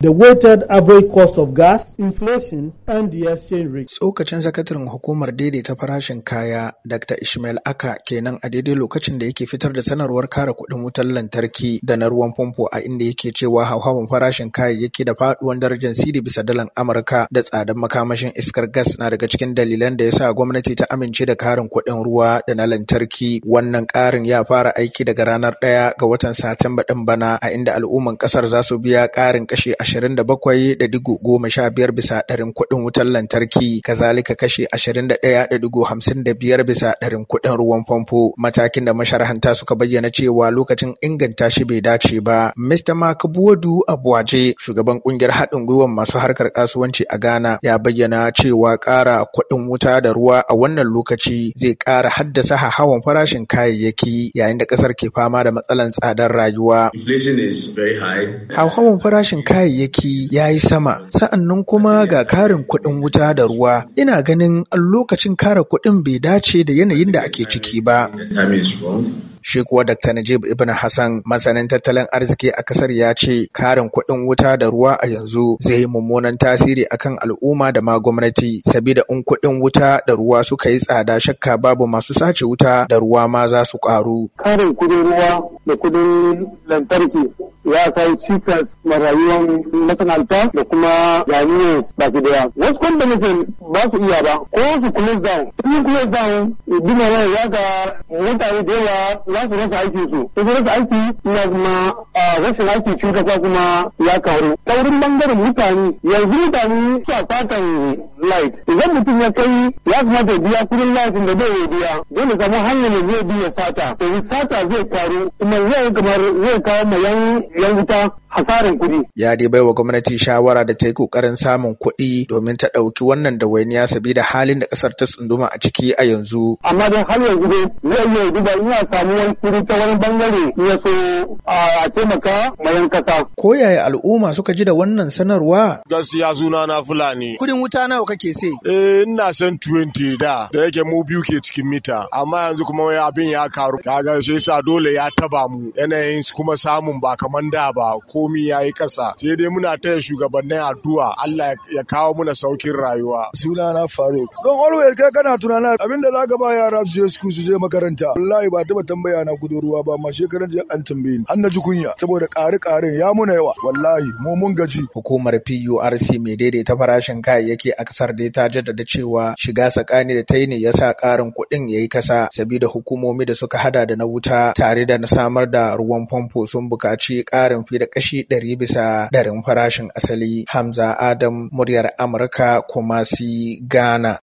the weighted average cost of gas, inflation, and the exchange rate. Tsokacin sakataren hukumar daidaita farashin kaya Dr. Ishmael Aka kenan a daidai lokacin da yake fitar da sanarwar kare kuɗin wutar lantarki da na ruwan famfo a inda yake cewa hauhawan farashin kayayyaki da faɗuwan darajar siri bisa dalan Amurka da tsadar makamashin iskar gas na daga cikin dalilan da ya sa gwamnati ta amince da karin kuɗin ruwa da na lantarki. Wannan ƙarin ya fara aiki daga ranar ɗaya ga watan Satumba ɗin bana a inda al'umman ƙasar za su biya ƙarin kashe ashirin da bakwai goma sha biyar bisa ɗarin kuɗin wutar lantarki kazalika kashe ashirin da ɗaya da digo hamsin da bisa ɗarin kuɗin ruwan famfo matakin da masharhanta suka bayyana cewa lokacin inganta shi bai dace ba. Mr. Mark Buwadu Abuwaje shugaban kungiyar haɗin gwiwar masu harkar kasuwanci a Ghana ya bayyana cewa ƙara kuɗin wuta da ruwa a wannan lokaci zai ƙara haddasa hawan farashin kayayyaki yayin da ƙasar ke fama da matsalar tsadar rayuwa. Hauhawan farashin kayayyaki kayayyaki ya yi sama sa'annan kuma ga karin kuɗin wuta da ruwa ina ganin an lokacin kara kuɗin bai dace da yanayin da ake ciki ba. Shi kuwa Dr. Najib Ibn Hassan masanin tattalin arziki a kasar ya ce karin kuɗin wuta da ruwa a yanzu zai yi mummunan tasiri akan al'umma da ma gwamnati sabida in kuɗin wuta da ruwa suka yi tsada shakka babu masu sace wuta da ruwa ma za su ƙaru. Karin kuɗin ruwa da kuɗin lantarki ya kai cikas na masana'anta da kuma jami'an baki daya wasu kwamfanin ba su iya ba ko su close down in close down dina nan ya ga mutane da yawa za su rasa aiki su su rasa aiki na kuma rashin aiki cikin kasa kuma ya karu ta wurin bangaren mutane yanzu mutane su a fatan light idan mutum ya kai ya kamata ya biya kudin light da zai biya dole zama hanyar da zai biya sata to sata zai karu kuma zai kamar zai kawo mayan yan 'yan wuta hasarin kuɗi. Ya dai baiwa gwamnati shawara da ta yi ƙoƙarin samun kuɗi domin ta ɗauki wannan dawainiya sabida halin da ƙasar ta tsunduma a ciki a yanzu. Amma don har yanzu dai zai iya duba in ina samu wani kuri ta wani bangare ya so a taimaka mayan kasa. Ko yaya al'umma suka ji da wannan sanarwa? Gaskiya suna na Fulani. Kuɗin wuta nawa kake sai? Eh ina san 20 da da yake mu biyu ke cikin mita amma yanzu kuma abin ya karu. Kaga shi yasa dole ya taba mu yanayin kuma samun ba kamar da ba komi yi kasa sai dai muna taya shugabannin addu'a Allah ya kawo muna saukin rayuwa sunana Faruk don always kai kana tunana abinda zaka ba yara su je su je makaranta wallahi ba taba tambaya na gudu ruwa ba amma shekaran jiya an tambaye ni an naji kunya saboda ƙari ƙarin ya muna yawa wallahi mu mun gaji hukumar PURC mai daidaita farashin kayayyaki a kasar da ta jaddada cewa shiga tsakani da ta yi ne sa ƙarin kuɗin ya yi kasa sabida hukumomi da suka hada da na wuta tare da na samar da ruwan famfo sun buƙaci ƙarin fi da kashi ɗari bisa ɗarin farashin asali. Hamza Adam muryar Amurka Kumasi Ghana.